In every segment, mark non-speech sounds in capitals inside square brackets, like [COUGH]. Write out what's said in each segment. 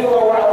Luego a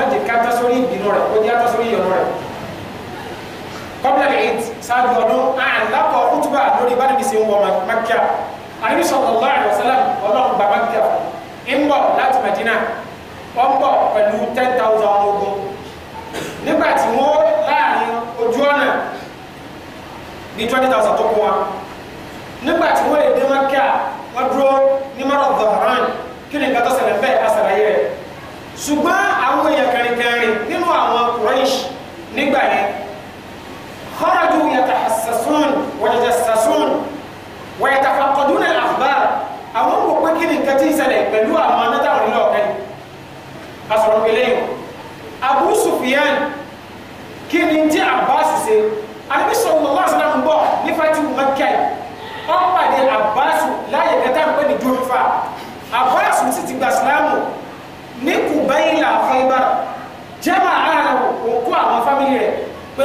má jẹ́ ká tásórí ìbínú rẹ̀ kó jẹ́ tásórí ìyọnu rẹ̀ kọ́bílẹ̀ ìt sáájú ọdún àlápọ̀ kútùbà lórí ba níbi sèwọ́ makia àníbi sallallahu alaihi wasallam ọlọ́run gba makia ń bọ̀ láti Madina ó ń bọ̀ pẹ̀lú ten thousand ogun nígbà tí wọ́n láàrin ojú ọ̀nà ní twenty thousand tó kún wa nígbà tí wọ́n lè dé makia wọ́n dúró ní mọ́rọ̀ Dhahran kí ni nǹkan tó ṣẹlẹ̀ bẹ́ẹ̀ á ṣàlàyé ṣùgbọ́n àwọn èèyàn kẹrìnkẹrin nínú àwọn Quraysh nígbà yẹn kharaju yatahassasuna wajasasuna wayatafaqqaduna al-akhbar àwọn kò pé kí ni nǹkan ti ń ṣẹlẹ̀ pẹ̀lú àwọn anátàwọn nílò ọ̀kẹ́ asọ̀rọ̀ pẹ̀lẹ́ yìí Abu Sufyan kí ni ti Abbas ṣe Ànábì sallallahu alaihi wasallam ń bọ̀ ní fati Makka ọ̀pàdé Abbas láyé ní kùbáyìlà Khaybar jẹ́mà ààrẹ òkú àwọn fámìlì rẹ̀ pé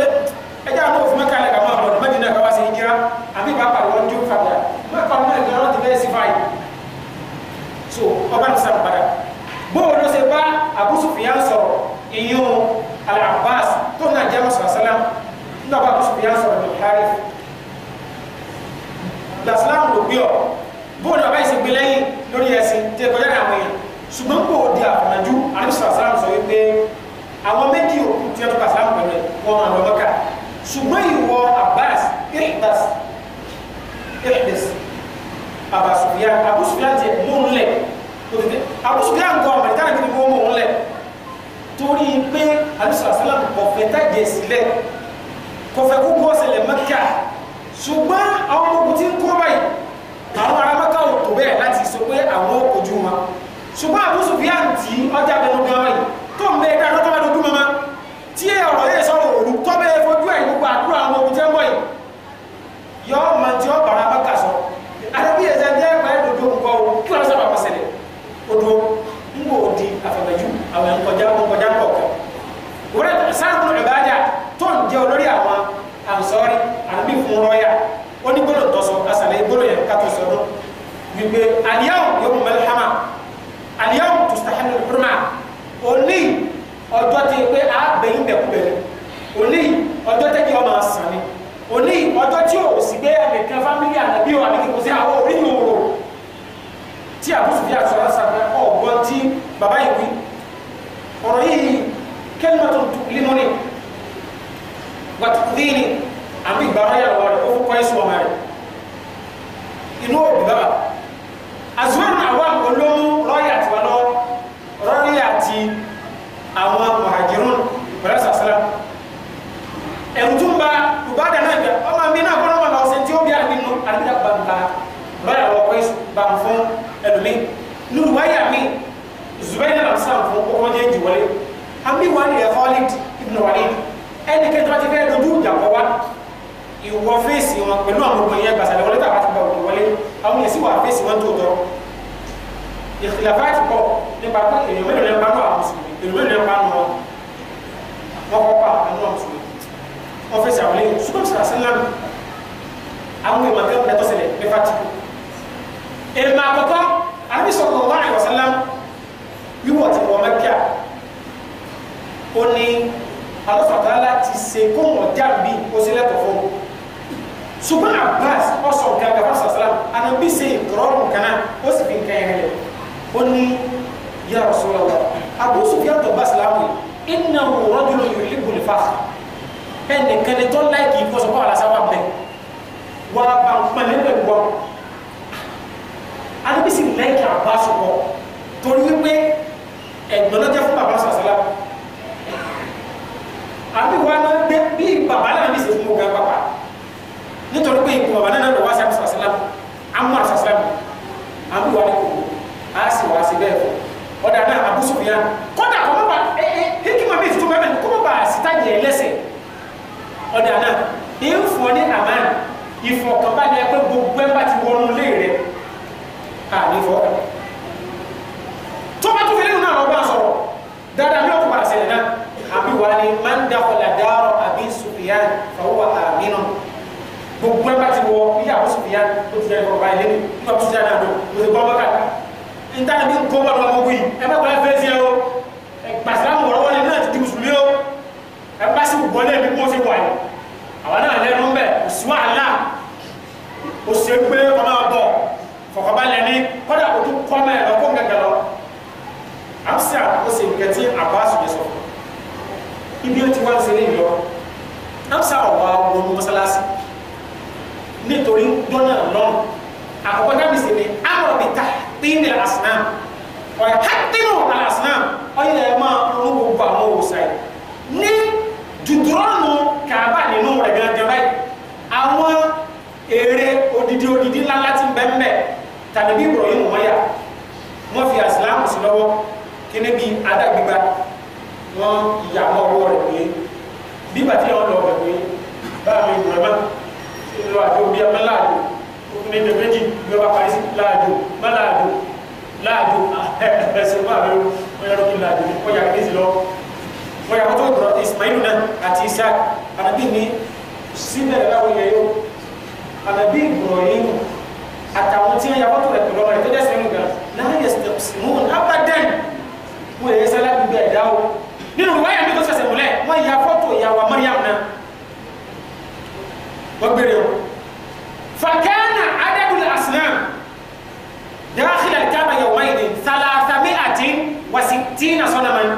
ẹjẹ́ àwọn òfin mẹ́ka lẹ́ka máa lọ nígbàdí náà káwá sí ìjírá àbí pàápàá wọn jó fàdà mẹ́kọ̀ọ́ náà ìgbà wọn ti bẹ́ẹ̀ sí fáyì so ọba ní sáà padà bóun ló ṣe bá Abu Sufyan sọ̀rọ̀ ìyún Al-Abbas tó náà jẹ́ mọ̀sán sálám nígbà bá Abu Sufyan sọ̀rọ̀ ní Harith làsílámù ló gbé ọ bóun ló bá ìsìn gbé lẹ́yìn lórí ẹ̀sìn tẹ́ ṣùgbọ́n kò di àfọ̀nàjú àríṣà sáà sọ wípé àwọn méjì òkú tí wọ́n tó kàṣà pẹ̀lú wọn àwọn ọlọ́kà ṣùgbọ́n ìwọ Abbas irbas irbis abasufiya abusufiya jẹ múnlẹ̀ abusufiya ń gbọ́ àmàlítà ní ìwọ múnlẹ̀ torí pé àríṣà sáà kọfẹ́ tàjẹ sílẹ̀ kọfẹ́ kó bọ́ sẹlẹ̀ Mẹ́kà ṣùgbọ́n àwọn ọmọ ogun ti ń kó báyìí àwọn ará Mẹ́kà ò tó bẹ́ẹ̀ láti sọ pé àwọn kojú wọn ṣùgbọ́n Abu Sufyan tí ọjà bẹnu gan wáyé tó ń bẹ ẹgbẹ́ àtọ́tọ́ bá dojú mọ́mọ́ tí ọ̀rọ̀ yẹn sọ̀rọ̀ òru tọ́ bẹ́ẹ̀ fojú ẹ̀ gbogbo àdúrà àwọn ọmọ ogun jẹ́ mọ́ yìí yọ ọmọ tí ọ bàrà bá ti pé a bẹ̀yìn bẹ̀kúbẹ̀rẹ̀ òní ọjọ́ tẹ́jọ́ ọmọ àsàn ni òní ọjọ́ tí ò sì gbé ẹnìkan fámílì àdàbí ò àbí kìkùsí àwọn orí mi ò rò tí àbúrò fi àtúrà sàgbà ọ̀gbọ́n tí bàbá yìí wí ọ̀rọ̀ yìí kẹ́lìmọ̀tò límọ́nì gbàtùkúdínì àbí ìgbàmọ́ yà lọ́wọ́ rẹ̀ ó fún kọ́yẹ́sì ọmọ rẹ̀ inú òbí bàbá àzúwẹ̀rún àwọn olóhùn mi nuru waya mi zubair al-ansar fún kókó jẹ́ jù wọlé àmì wà ní Khalid ibn Walid ẹni kẹta bá ti fẹ́ dojú ìjà kọ wa ìwọ fèsì wọn pẹ̀lú àwọn ọmọ yẹn gbàsàlẹ̀ wọlé tàbá ti gba òkè wọlé àwọn yẹn sì wà fèsì wọn tó tọ ìkìlàfà ti pọ̀ nípa pé èèyàn mélòó lẹ́nu bá nù àwọn mùsùlùmí èèyàn mélòó lẹ́nu bá nù wọn wọn kọ́ pa àwọn mùsùlùmí wọn fèsì àwọn lẹ́yìn ṣùgbọ́n sàṣẹ́lẹ́nu àwọn ìmọ̀ kẹ́kọ̀ọ́ àbí sallallahu alaihi wasallam wíwọ̀ tí wọ́n mẹ́kà ó ní alọ́fàtàlá ti ṣe kó wọ́n já bí ó sì lẹ́tọ̀ fún un ṣùgbọ́n Abbas ọ̀sọ̀ gàgà fásitì anabi ṣe ìkọrọ̀rù kaná ó sì fi nǹkan yẹn lẹ̀ ó ní ya Rasulullah Abu Sufyan tó bá sàlámù yìí innahu rajulun yuhibbul fakhr ẹnìkan ni tó láì kì í fọ́sọ̀ fún alásàwà bẹ́ẹ̀ wà á bá ń pẹ́lẹ́ pẹ̀lú wọn. Ànábì sì lẹ́yìn Abbas pọ̀ torí wípé ẹ̀gbọ́n náà jẹ́ fún bàbá sàṣálà àbí wa náà gbé bí bàbá náà ní ìsèkú ọgá pápá nítorí pé ìkùn bàbá náà lọ́wọ́ sàṣálà sàṣálà amúra sàṣálà àbí wa ní kò á sì wá sí bẹ́ẹ̀ fún ọ̀dà náà Abu Sufyan kọ́dà kọ́ bá ẹ ẹ hekima mi tuntun bẹ́ẹ̀ kọ́ bá síta yẹ lẹ́sẹ̀ ọ̀dà náà ìfọ̀ ní àmà ìfọ̀kànbalẹ̀ pé gbogbo ẹ̀ ti wọnú lé rẹ̀ àní fọ́ tó bá tún fi lẹ́nu náà lọ́gbà sọ̀rọ̀ dáadáa bí ọkùnrin àṣẹ náà àbí wà ní máa ń dákọ̀lá dáárọ̀ àbí sùfìyàn fàwọ́ àmínà gbogbo ẹ bá ti wọ ìyàwó sùfìyàn tó ti dẹ́rẹ́ ọ̀rọ̀ àìlẹ́nu nígbà tó ti dá do o kò sí gbọ́n bọ́kà níta ni bí gbọ́n bọ́kà lọ́wọ́ yìí ẹ bá gbọ́dọ̀ fẹ́ẹ́ sí ẹ o gbàsílámù wọ̀rọ̀ wọlé náà ti di mùsùlùmí o ẹ bá sì gbọ́lẹ̀ bí wọ́n ṣe wà yìí àwọn náà lẹ́nu bẹ́ẹ̀ òṣùwà àlà òṣèpé ọmọ àbọ̀ kɔkɔba lɛni kɔda o tun kɔma yɛ lɔ ko n ka galɔ a bɛ se a ko sen ka ti a ba sɔrɔ sɔrɔ i bi ti wari sɛnɛ yɔ a bɛ se a wa wɔmu masalasi ne tori dɔnna lɔn a ko kɔda bi sɛnɛ a kɔrɔ bi ta tin de la a sinam ɔ hakili o la a sinam ɔ yɛrɛ ma olu ko ba ma o sa ye ni dudurɔn nu k'a ba ninu wɛrɛ gɛrɛ gɛrɛ ye àwọn èrè odidi odidi ńlá láti bẹ́ẹ̀ tàbí bí ìbòròyìn wọn yà wọn fi àsìláàmù sí lọ́wọ́ kíní bí adágbígba wọn ìyá ọwọ́ rẹ̀ pé bí bàtí àwọn lọ bẹ̀ pé báà mi ìwúrẹ́ mọ́ ìlú àjò bí ọmọ láàjò ní ìdè méjì bí ọba parí sí láàjò má láàjò láàjò ẹsẹ̀ máa bẹ̀rù wọn yàrá kí láàjò wọn yàrá kí sí lọ wọn yàrá tó dọ̀rọ̀ Ismailu náà àti Isaac àdàbí ní síbẹ̀ láwọn yẹ yóò muslimun abadan wọn yẹ sálá gbígbẹ ẹ̀dá o nínú wáyà mi tó ṣẹ̀ṣẹ̀ múlẹ̀ wọn yà fọ́tò ìyàwó mariam náà wọn gbére o fakana adadul asnam dakhil al-kaaba yawmaidin thalathami'atin wa sittina sanaman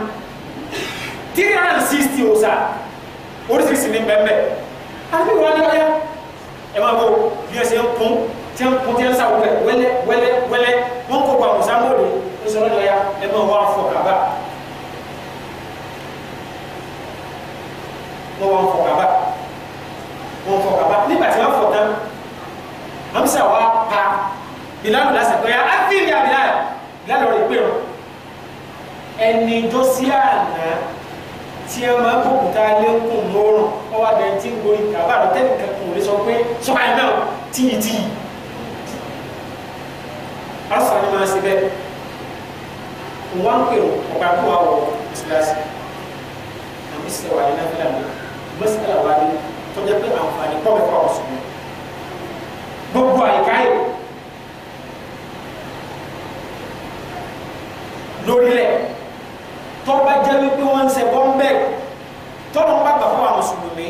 three hundred and sixty o sa oríṣiríṣi ní bẹ́ẹ̀ bẹ́ẹ̀ àbí wọn ni wọ́n yá ẹ máa bọ̀ bí ẹ ṣe ń kún tí ń kún tí ń sàwọn wẹ́lẹ́ wẹ́lẹ́ wẹ́lẹ́ kó pa musa mọ́ọ̀dù ń sọ̀rọ̀ dọ̀ ya ẹ bá wà fọ kaba wọ́n wà fọ kaba wọ́n fọ kaba nígbà tí wọ́n fọ wa pa bilalu la sẹ̀kọ́ ya afi ni abilalu bilalu rẹ̀ pé o ẹni jọ́sí àná tí a máa kókòtà lẹ́kùn mọ́rùn ọwọ́ abẹ́rẹ́ tí ń gorí kaba àrùn tẹ́lẹ̀ kankan ò lè sọ pé sọ́kà ẹ̀ náà tíyìtíyì asan ni maa se bɛ wọn pe o ɔba ko awɔ silasi na mi sɛ wa yina fila mi masala wa ni tɔjɛ pe àǹfààní kɔmi kɔ ɔsùn mi gbogbo àyíká yìí lórí lɛ tɔba jaabi pé wọn sɛ bɔnbɛ tɔlɔ ń bá gbà fún àwọn mùsùlùmí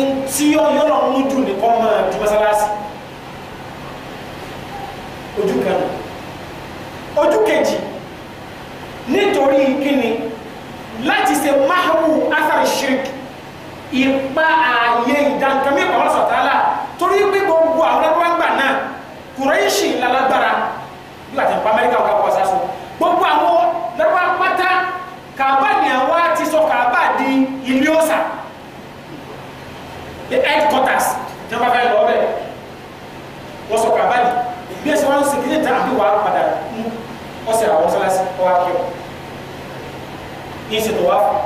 ntí yɔ yɔlɔ ń dùn ní kɔ torí kíni láti ṣe máhàwù afárí ṣírìkì ipa ààyè ìdánkàmí ọ̀rọ̀ sọ̀tàlá torí pé gbogbo àwọn ẹgbẹ́ gbà náà kùrẹ́ṣì lálágbára bí àti ìpa amẹ́ríkà ọ̀gá ọ̀gá sásọ gbogbo àwọn lẹ́wọ́ pátá kàbá ni àwa ti sọ kàbá di ilé ọ̀sà the headquarters jẹba fẹ́ lọ bẹ́ẹ̀ wọ́n sọ kàbá ni bí ẹsẹ̀ wọn ń sèkìlẹ̀ tán àbí wàá padà ọ̀sẹ̀ àwọn sọ́lá sí ọ̀hà kí ọ̀ ní ṣètò wá fún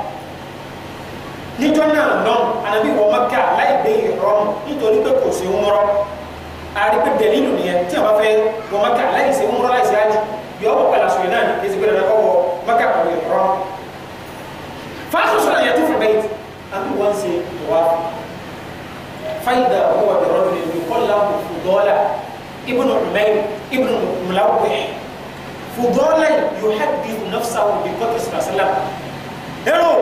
níjọ́ náà náà anabi wọ mọ́kà láì gbé ìrọ́mù nítorí pé kò sí umrọ àrí pé dẹ̀lílù nìyẹn tí a bá fẹ́ wọ mọ́kà láì sí umrọ láì sí ájú yọ ọ́ pàlà sọ̀rọ̀ náà ní kìí sígbẹ́rẹ́ lọ́kọ́ wọ mọ́kà pẹ̀lú ìrọ́mù fáṣọ sọ̀rọ̀ yẹn tó fún bẹ́ẹ̀ àbí wọ́n ṣe wá fáyidà owó wà bẹ̀rọ̀ lónìí ní kọ́lá fùdọ́là ibùnú mẹ́rin ibùnú mùláwùwẹ̀ fùdọ́là yóò hàbí nafsahu bí kọ́tù sàlám ಹೇಳು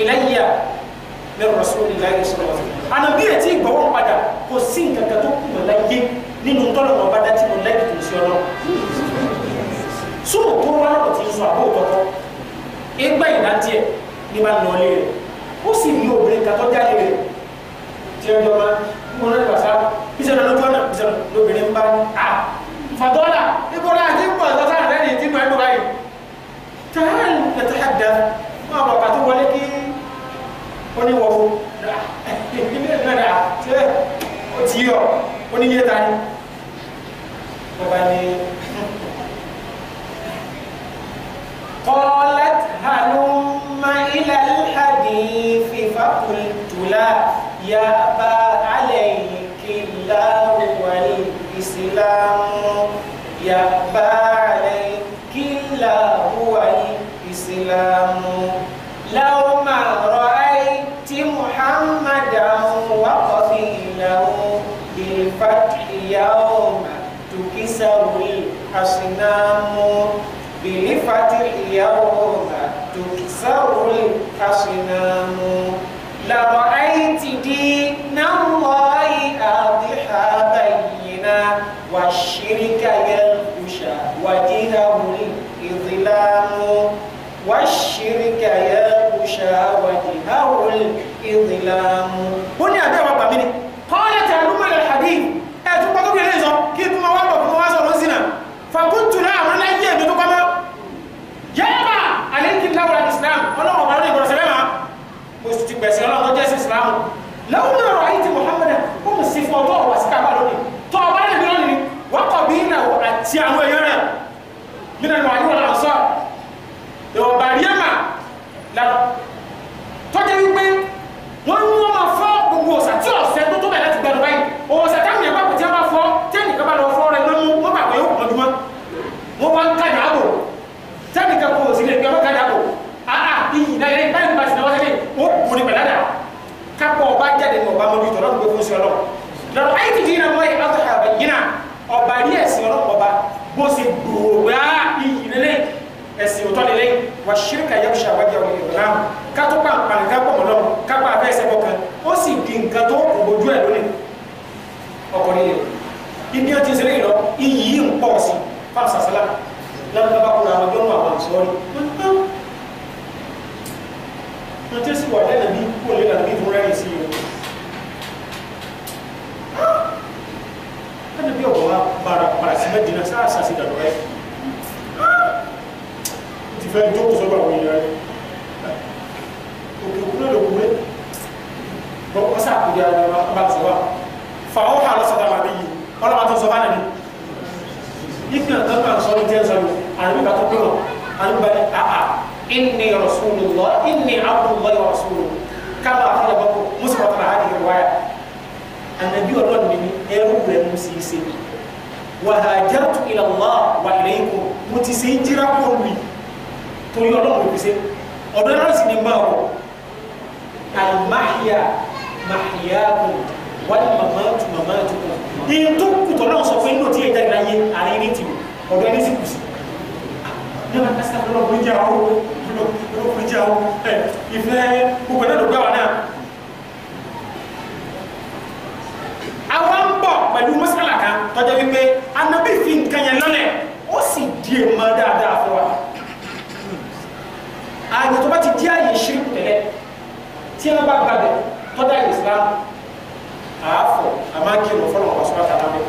ìlẹ́yà lẹ́rù rasúlì láyé sọ̀rọ̀ ànàbí ẹ̀ tí ìgbọ̀wọ́ padà kò sí nǹkan kan tó kù mọ̀ láyé nínú tọ́lọ̀ wọn bá dá tí mo lẹ́yìn tó ń ṣe ọlọ́ sóòtó wọn lọ́rọ̀ tí ń sọ àbó tọ́tọ́ ẹgbẹ́ ìdántí ẹ̀ ní bá nà ọlé rẹ̀ ó sì rí obìnrin kan tó jáde rẹ̀ tí ẹ jọba mo náà gbà sá bíṣẹ́ náà lójú ọ̀nà bíṣẹ́ náà lóbìnrin bá ní à fàdọ́là ìbọ̀lá àti ìbọ̀lá sọ́sà rẹ̀ ní ìdí ó ní wọ́n ilé náà dà ṣé ó tì í ọ̀ ó ní yé ta ni wọ́n bá ní. قالت هلم إلى الحديث فقلت لا يا أبا عليك الله والإسلام يا أبا عليك الله والإسلام لو ما رأيت محمدا وقتيله بالفتح يوم تكسر الأصنام بالفتح يوم تكسر الأصنام لرأيت دين الله أضحى بينا والشرك ينقشى وجهه الإظلام islam ó ní àbí àwọn àgbàmí ni kọ́lẹ̀ tẹ̀ àdúgbò ilẹ̀ àdí ẹ̀ tún pọ́tún kìlẹ̀ sọ kí tún máa wá bọ̀ fún wa sọ̀rọ̀ sínà fàkúntù náà àwọn láyé ẹ̀mí tó kọ́mọ́ yẹ́bà àlékí láwùrà islam ọlọ́run ọ̀rọ̀ ìgbọ̀rọ̀ sẹ́lẹ̀ máa mo sì ti gbẹ̀sẹ̀ ọlọ́run jẹ́ sí islam lọ́wọ́ náà rọ̀ ayé ti muhammed ó mú sí fún ọtọ́ ọ̀wà síkà bàlọ́ ni tọ́ ọba rẹ̀ mi lónìí wọ́n kọ̀ bí iná àti àwọn èèyàn rẹ̀ nínú ẹ̀rọ àyíwọ̀n làwọn sọ ìwọ̀n bàríyàmà lọ́dọ̀ tọ́jú wípé wọ́n ní wọ́n máa fọ́ gbogbo ọ̀sà tí ọ̀sẹ̀ tó tó bẹ̀ láti gbẹ̀rù báyìí ọ̀sẹ̀ táwọn yẹn bá kò tí a bá fọ́ tẹ́nì kan bá lọ fọ́ rẹ̀ lọ́mú wọ́n bá pẹ̀ yóò pọ̀ dùmọ́ wọ́n wá ń kájà àbò tẹ́nì kan kò sí lè gbẹ́ wọ́n kájà àbò àà iyì náà yẹn báyìí bá ti náwó sẹ́lẹ̀ ó kù ní pẹ̀lá dà kápọ̀ ọba jáde ní ọba mọ́bí tọ́lá gbogbo fún sí ọlọ́ lọ́rọ̀ ayé ti di iná mọ́ ìbátọ̀ àbẹ̀yìn náà ọba rí ẹ̀sìn ọlọ́pọ̀ ọba bó ṣe gbòògbà iyì lélẹ́yìn ẹ̀sìn òtọ́ lélẹ́ wà ṣíríkà yẹ ṣe àwájẹ ọmọ ìrọ̀lá ká tó pa àǹfààní ká pọ̀ mọ́lọ́ ká pa abẹ́ ẹsẹ̀ bọ̀kan ó sì di nǹkan tó kò bójú ẹ̀ lónìí ọkùnrin yẹn ibi ọtí ìṣẹ̀lẹ̀ yìí lọ iyì yìí ń pọ̀ sí fáwọn sàṣálà lábàbà kúrò àwọn ọjọ́ náà àwọn àṣọ rí wọn tẹ́ sí wà lẹ́nà bí kú lé lànà bí fúnra yìí sí i ẹni bí ọ̀wọ́ bára padà sí mẹ́dínà sáà sàṣì dàdúrà yìí fẹ́ jókòó sọ́dọ̀ àwọn èèyàn rẹ̀ òkè òkú náà ló kú rẹ̀ bọ́ wọ́n sá àkùdí ara wa bá sọ wa fa ó hà lọ́sọ̀tà wà níyì ọlọ́mà tó sọ bá nàní ìpín àtọ́ náà ní jẹ́ sọ́dọ̀ àrùn ìgbà tó pínlọ̀ àrùn ìgbà ní àhà inni rasulullah inni abdullahi wa rasuluhu kama akọlẹ bọ musa wa tara hadi riwaya anabi ọlọ́run mi ni ẹrú rẹ̀ mú sí í sẹ́yìn wa hajartu ila Allah wa ilaykum mo ti sẹ́yìn jíra kó mi torí ọlọ́run fi ṣe ọ̀dọ́ náà sì ni máa wọ̀ àlùmáhìá máhìá kù wálé màmá tu màmá tu kù iye tó kù tọ́ náà sọ pé inú tí yẹ jáde láyé àárín ní tìwọ̀ ọ̀dọ́ ẹni sì kù sí. nígbà tí a sá lọ́wọ́ kúrò jẹ́ àwọn lọ́wọ́ kúrò jẹ́ àwọn ìfẹ́ gbogbo náà ló gbà wá náà. àwọn ń bọ̀ pẹ̀lú mọ́sálà kan tọ́jú wípé anábì fi nǹkan yẹn lọ́lẹ̀ ó sì di èèmọ̀ dáadáa fún wa. أنا تبات تيا يشرك تلي تيا بابا تدا الإسلام عفو أما كي نفر الله سبحانه وتعالى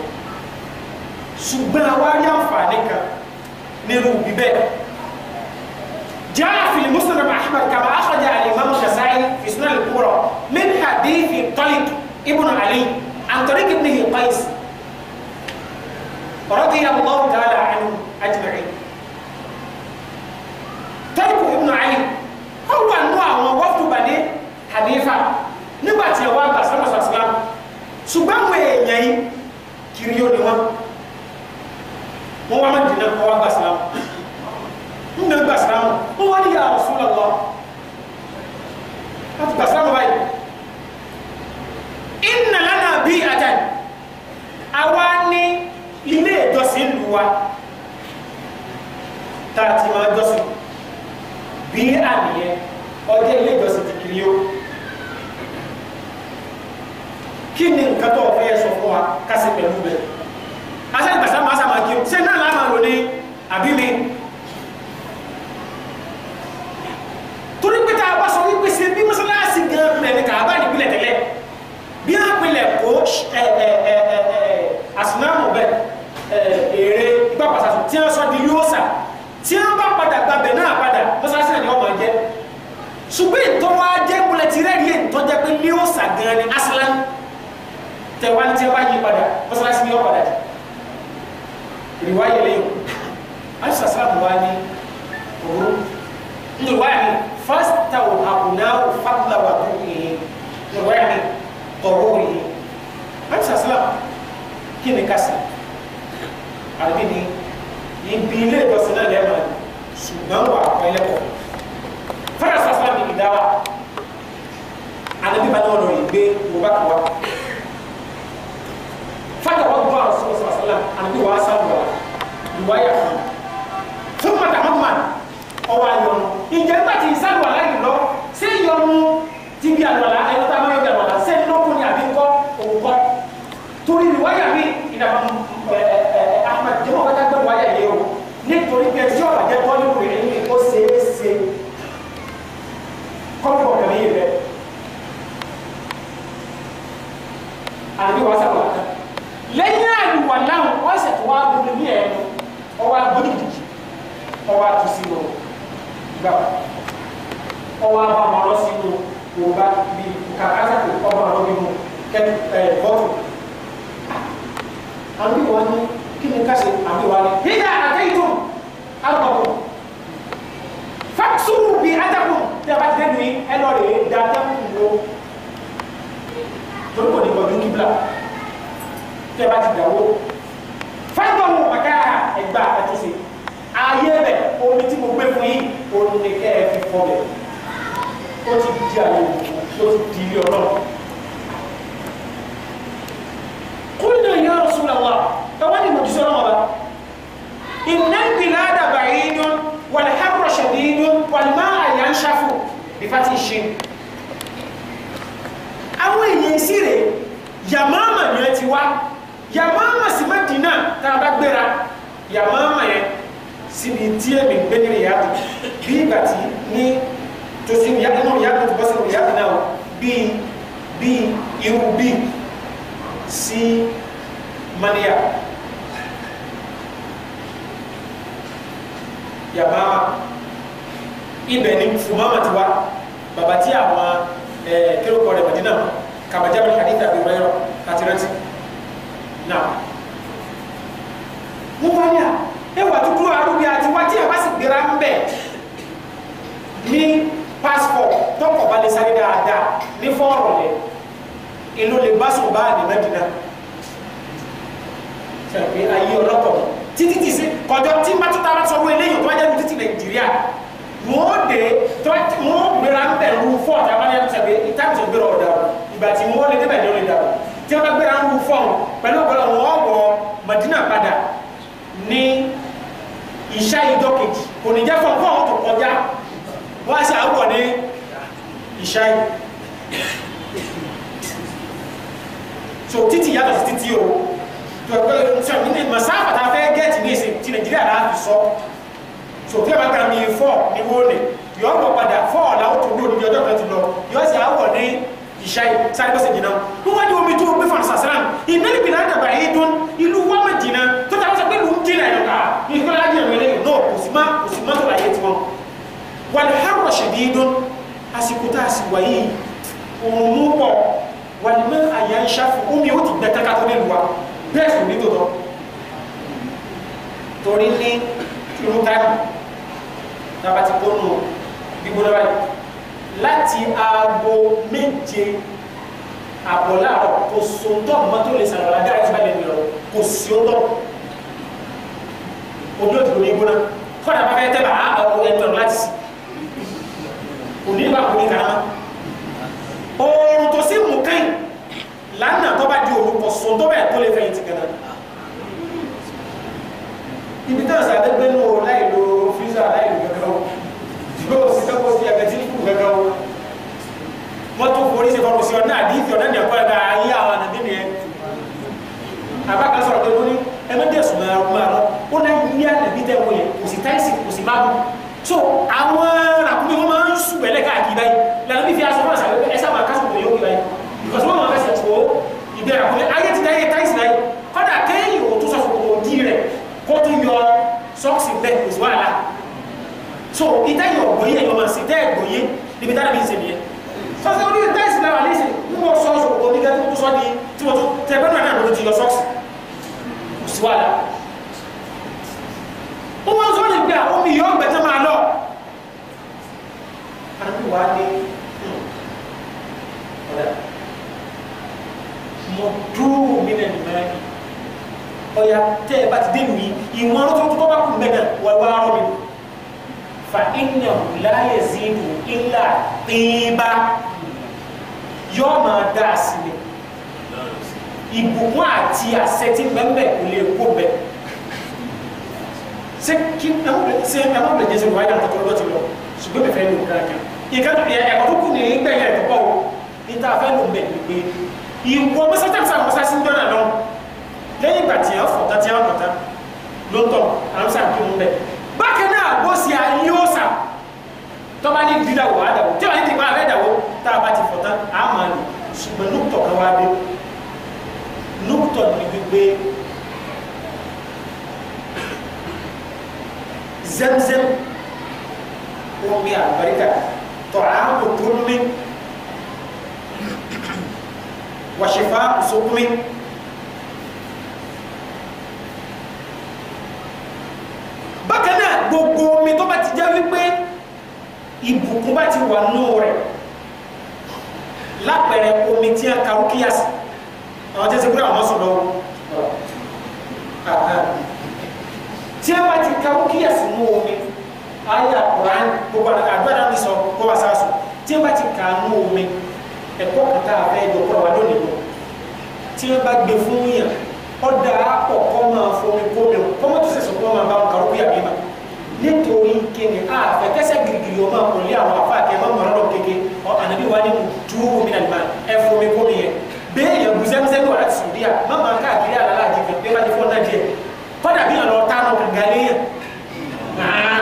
سبحانه وتعالى نرو ببيت جاء في المسلم أحمد كما أخرج الإمام الشافعي في سنن الكبرى من حديث طلق ابن علي عن طريق ابنه قيس رضي الله تعالى عنه أجمعين tẹ́lifù ibùn ayé ó wà nù àwọn wọ́fù bàdé hànífà nígbà tí ẹ̀wọ́ àgbà sọ́nà sọ́nà ṣùgbọ́n àwọn èèyàn yìí kiri yóò ní wọn wọn wá máa dènà kọ́ wá gbà sílámù ń lè gbà sílámù wọn wá ní yà Rasulullah wọn ti gbà sílámù báyìí inna lana bí àjàn àwa ní ilé ìjọsìn lù wa tá máa jọsìn bí àníyẹ ọjọ́ ilé ìjọsìn ti kiri o kí ni nǹkan tó fẹ́ sọ fún wa kásì pẹ̀lú bẹ́ẹ̀ asẹ́ni gbàsá máa sàmà kí o ṣé náà láàmà lò ní àbí mi torí pé tá a bá sọ wípé ṣe bí mọ́sálásí gan-an rẹ̀ ni kàá bá nípìnlẹ̀ tẹ́lẹ̀ bí a pinlẹ̀ kó ẹ ẹ ẹ ẹ. gan ni asilan tẹwa ní tí a bá yí padà mọ́sálásí ni wọ́n padà di ìwà yẹlẹ yìí ayi sasra mu wani òwúrò ní wáyà mi fásità wò àbùnà wò fàtàlà wà tó yìí ní wáyà mi tọrọ yìí ayi sasra kí ni ká sè àbí ni ibi ilé ìjọsìn náà lẹ́ẹ̀ma ṣùgbọ́n wà fara sasra mi ìdáwà anabi ba náà lórí gbé bubakar wa fata wa gba rasulillah sallallahu alaihi wa sallam anabi wa asaluwa luwa ya fún fún mata hamman ọwọ ayọnu ìjẹ nígbà tí ìsaluwa láyé lọ sí ìyọnu ti bí àlọlá ẹni tá a máa ń bí àlọlá sí ẹni lọkùn ní àbí nkọ òwúkọ torí luwa ya mi ìdàgbà ẹ ẹ ahmed jẹmọ kọjá gbẹ luwa ya yẹ o nítorí pé ẹjọ́ àjẹtọ́ nínú ìrìn ní kó ṣeé ṣe kọ́ńtò àbí wọ́n sábà wà tán lẹ́yìn àlùwà náà wọ́n sì tún wá gbogbo ní ẹ̀rọ ọwọ́ agbóni kìkì ọwọ́ àtúnṣe lọ gbà ọwọ́ abàmọ́ lọ sínú yorùbá bíi kàkásà tó ọmọ àwọn mímu kẹ ẹ bọ́ọ̀lù ah, àbí wọ́n ní kí ni ká ṣe àbí wọ́n ní. nígbà àtẹ́yìntò àgbọ̀kọ̀ torí kò ní kọjú kíbla tẹ́ bá ti dàwó fáńtọ̀mù màkà ẹgbà àtúnṣe ayé bẹ̀ omi tí mo gbé fún yín òun ni kẹ́ ẹ fi fọ́ bẹ̀ ó ti di àyè ó ti di ilé ọlọ́run. kúlù ya Rasulullah ẹwọ́n ni mo ti sọ́nà ọba inna al-bilada ba'idun wal-harra shadidun wal-ma'a yanshafu bi fathi shin àwọn èèyàn sí rè yàmáàmà ni ẹ ti wá yàmáàmà sí Mẹ́dínà tá a bá gbéra yàmáàmà yẹn síbi tí èmi gbé ní ìyáàtọ̀ bí ìgbà tí ní tòsí ìyáàtọ̀ náà ìyáàtọ̀ tó bọ́ sí ìyáàtọ̀ náà bíi bíi irú bíi sí mania yàmáàmà ibẹ̀ ni fùmáàmà ti wá bàbá tí àwọn. كما جاء من حديث أبي هريرة كاتراتي نعم mo wá ní à ẹwà dúdú arúgbó àti wá tí ẹwà sì gbéra ń bẹ ní pásítọ̀ tọkọ̀ balẹ̀ sáré dáadáa ní fọ́ọ̀rọ̀ rẹ̀ ìlú lè bá sùn báà ní mẹ́dínà ṣàpè ayé ọlọ́pọ̀ títí ti ṣe kọjọ tí bá tó tara sọ wọ eléyìí tó wá jẹ́ títí nàìjíríà wọ́n dé wọ́n gbéra ń bẹ̀rù fọ́ọ̀tà wọn ní àtúnṣe ìtàkùn gbéra ọ̀dà ìgbà tí wọ́n lè débẹ̀ lórí ìdàrú tí wọ́n bá gbéra ń ru fọ́ọ̀n pẹ̀lú ọ̀pọ̀lọ wọn wọ Madina padà ní ìṣá ìjọ kejì kò ní jẹ́ fọ́ọ̀n fọ́ọ̀n tó kọjá wọ́n á sì àwọ̀ ní ìṣá yìí so títì yàtọ̀ sí títì o tó ẹgbẹ́ sọ ní masáfà tá fẹ́ gẹ́ẹ̀tì ní ìsìn tí Nàìjíríà náà fi sọ so tí a bá gbàmì fọ́ọ̀ ní wọ́ọ̀nì yọ̀ọ́ bọ̀ padà fọ́ọ̀ làwọn tó dúró níbi ọjọ́ kan ti lọ ní ishai sari basa jina wọn di omi tó o gbé fan sasaran ìnáni bìnnà àdàbà yìí dún ìlú wọn mọ jìnnà tó ta wọn sọ pé ló ń jìnnà yọ ká ìfọlá ajé ìrìn lẹ́yìn náà kò sì la yé tiwọn. wàlẹ̀ harwa ṣèdí dún àsìkò tá a sì wà yìí òun mú pọ̀ wàlẹ̀ mọ́ àyà ń ṣàfù omi ó ti gbẹ kákàtó nínú wa bẹ́ẹ̀ sì ní tòótọ́ torí ní irú táyà tàbátì kónú gbígbóná báyìí láti aago méje àbọ̀ láàárọ̀ kò sóńtọ́ mọ́ tó lè sàrọ̀ lágbára tí balẹ̀ nìyọ̀ kò sí ọ̀tọ̀ omi ò ní gbóná kọ́nà bá fẹ́ tẹ́ bá a ọ̀rọ̀ ẹ̀ tọ̀rọ̀ láti sí òní bá kò ní kàrá oorun tó sì mú kẹ́yìn lánàá tó bá di òru kò sóńtọ́ bẹ́ẹ̀ tó lè fẹ́yìntì gan-an ibi táwọn sàdégbé nù láì wọ́n tún forí ṣe kọlu sí ọ̀nà àdìsí ọ̀nà ní ẹ̀kọ́ ẹ̀ka ayé àwọn ànàbí ni ẹ̀ abáka sọ̀rọ̀ pé wọ́n ní ẹ má dẹ̀sùn máa rú máa rọ ó náà yí ànàbí tẹ̀ wọ́n yẹn kò sí táìsì kò sí bá dùn so àwọn ràkúnmí wọn máa ń sùn bẹ̀lẹ̀ káàkiri báyìí lànà bí fi aṣọ náà ṣàlẹ́ ẹ sábà kásùn kò yóò báyìí because wọ́n máa fẹsẹ̀ tó ìgbẹ́ ràkúnmí ayé ti dáyé táìsì láyé kọ́dà kéèyàn ò tún sọ̀fọ̀ kò dí rẹ̀ kó tún yọ sọ́ọ̀sì bẹ́ẹ̀ kò sí wàhálà so ìtẹ́yìn ọ̀gbọ̀nyé ẹ̀yọ́ máa ṣe tẹ́ ẹ̀gbọ̀nyé níbi táwọn sọ́sẹ́ orí ìta ìsìn náà àlẹ́sìn ní wọ́n sọ ọ̀sọ̀ òní gẹ́gẹ́ tó sọ́ di tí wọ́n tó tẹ bẹ́ẹ̀ náà lọ́dún ti yọ sọ́ọ̀sì kò sí wàhálà. ó wọ́n sọ ní pé àwọn omi yọ ọ̀gbẹ̀tẹ̀ máa lọ. àbí wàá dé ọ̀dà mo dúró mi nà ní mẹ́rin ọ̀yà ẹ bá ti dé nù yìí tó tó bá kù mẹ́ta wà wá rọ́ mi fa innahu la yazidu illa tiba yóò máa dá a sí ni ìbùkún àti àṣẹ tí bẹ́ẹ̀ kò lè kó bẹ́ẹ̀ ṣé kí ṣé ẹ má bẹ̀rẹ̀ jẹ́sẹ̀ wáyà àtọ́tọ́ lọ́dọ̀ ti lọ ṣùgbọ́n mi fẹ́ lò nǹkan kan ìkan ẹ̀kọ́ tó kù ní gbẹ̀yẹ̀ púpọ̀ o ní tá a fẹ́ lò bẹ̀rẹ̀ pé ìwọ mọ́sátàmísà mọ́sásí ń dọ́nà lọ lẹ́yìn ìgbà tí a fọ̀tá tí a fọ̀tá ló ń tọ̀ àmísà kí n bẹ̀ bákan náà bó ṣe àyè ó sà tọ́ba ní dídàwó àdàwó tí wọ́n ní ti pa àfẹ́dàwó tá a bá ti fọ̀ tán a máa lò ṣùgbọ́n lóòótọ́ kan wá dé lóòótọ́ ni wípé zẹ́mzẹ́m omi àbáríkà tọ̀háàmù tó mi wàṣífà sókùnmi. bákan náà gbogbo omi tó bá ti jẹ́ wípé ìbùkún bá ti wà nù rẹ̀ lápẹ̀rẹ̀ omi tí a kàrú kíyàsí àwọn tí a ti gbúdọ̀ àwọn sọ̀rọ̀ tí a bá ti kàrú kíyàsí mú omi ayé àkùrán gbogbo àdúrà mi sọ kó wá sáà sùn tí a bá ti kà mú omi ẹ̀kọ́ kàtà abẹ́ ìdókòrò wa lónìí lọ tí a bá gbé fún yàn ọ̀dà àpọ̀ kọ́ máa fomi kómi kọ́mọ́tò sẹ̀sọ̀ kọ́ máa bá wọn kàrú kíyà nítorí kíni àfẹkẹsẹ girigiri ọmọ àkùnrin àwọn afa àti ẹgbẹ mọlẹ lọ kéke ọ ànábi wa ni mu tuwo mi nàlùmá ẹfọ mi kọ mi yẹ bẹ́ẹ̀ yẹ bùsẹmùsẹmù wà láti sùn díà má máa káàkiri àlàlà àti ìfẹ́ bẹ́ẹ̀ bá ti fọ náà díẹ̀ kọdà bí àlọ tá a nọ kàngá lé yẹ náà.